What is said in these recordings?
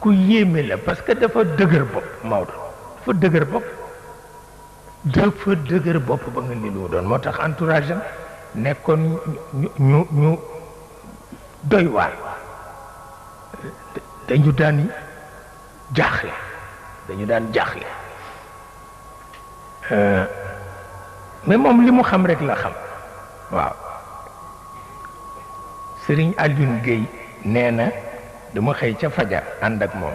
ku yéeme la parce que dafa dëgër bopp Maodo dafa dëgër bopp dafa dëgër bopp ba nga ni lu doon moo tax entourage nekkoon ñu ñu ñu doy waar dañu daan jaaxle dañu daan jaaxle euh, mais moom li mu xam rek la xam waaw Serigne Alioune Gueye nee na dama xëy ca fajar ànd ak moom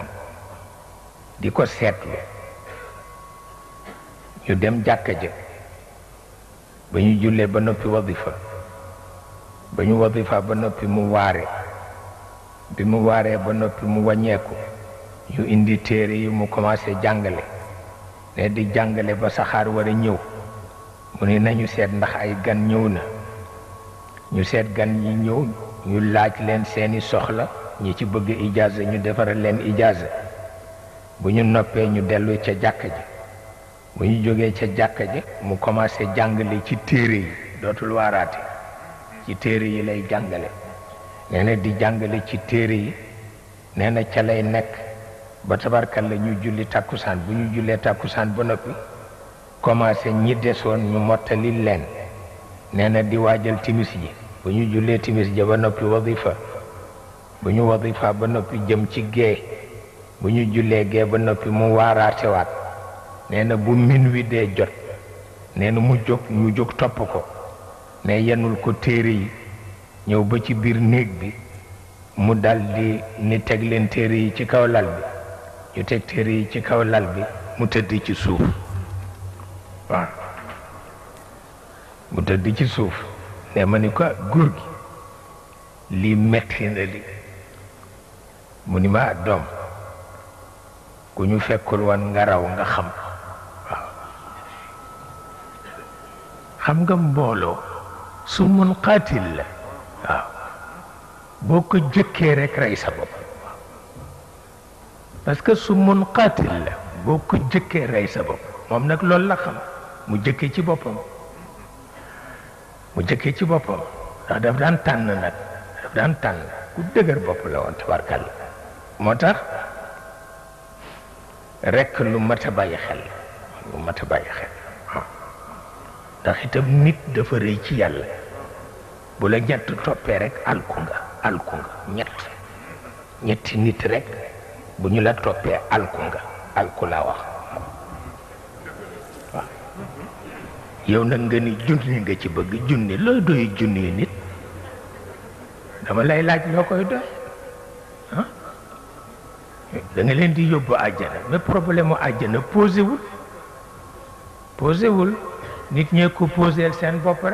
di ko seetlu ñu dem jàkka ja ba ñu jullee ba noppi wadifa ba ñu wadifa ba noppi mu waare bi mu waaree ba noppi mu wàññeeku ñu indi téere yi mu commencé jàngale ne di jàngale ba saxaar wara a ñëw mu ni nañu seet ndax ay gan ñëw na ñu seet gan yi ñëw ñu laaj leen seeni soxla ñi ci bëgg ijaaza ñu defaral leen ijaaza bu ñu noppee ñu dellu ca jàkka ja bu ñu jógee ca jàkka ja mu commencé jàngale ci téere yi dootul waaraate ci téere yi lay jàngale nee di jàngale ci téere yi nee na ca lay nekk ba tabarkal la ñu julli tàkkusaan bu ñu jullee tàkkusaan ba noppi commencé ñi desoon ñu mottali leen nee na di waajal timis ji bu ñu jullee timis ja ba noppi wadifa bu ñu wadifa ba noppi jëm ci gée bu ñu julee gée ba noppi mu waaraatewaat nee na bu min wi dee jot nee na mu jóg ñu jóg topp ko ne yenul ko téere yi ñëw ba ci biir néeg bi mu dal ni teg leen yi ci kaw bi ñu teg téere yi ci kaw lal bi mu tëdd ci suuf waaw mu tëdd ci suuf ne ma ni ko góor gi lii metti mu ni ma doom ku ñu fekkul wan nga raw nga xam waaw xam nga mbooloo su mun la waaw boo ko jëkkee rek rey sa bopp parce que su mun la boo ko jëkkee rey sa bopp moom nag loolu la xam mu jëkkee ci boppam mu jëkkee ci boppam ndax daf daan tànn nag daf daan tànn ku dëgër bopp la woon tabarkàlla moo tax rekk lu mat a bàyyi xel lu mat a xel ndax itam nit dafa rëy ci yàlla bu la ñett toppee rek alku nga alku nga ñett ñetti nit rekk bu ñu la toppee alku nga alku laa wax yow nag nga ni junni nga ci bëgg junni loo doy junni nit dama lay laaj loo koy doy ah? da nga leen di yóbbu àjjana mais problème mu àjjana posé wul posé wul nit ñee ko posé seen bopp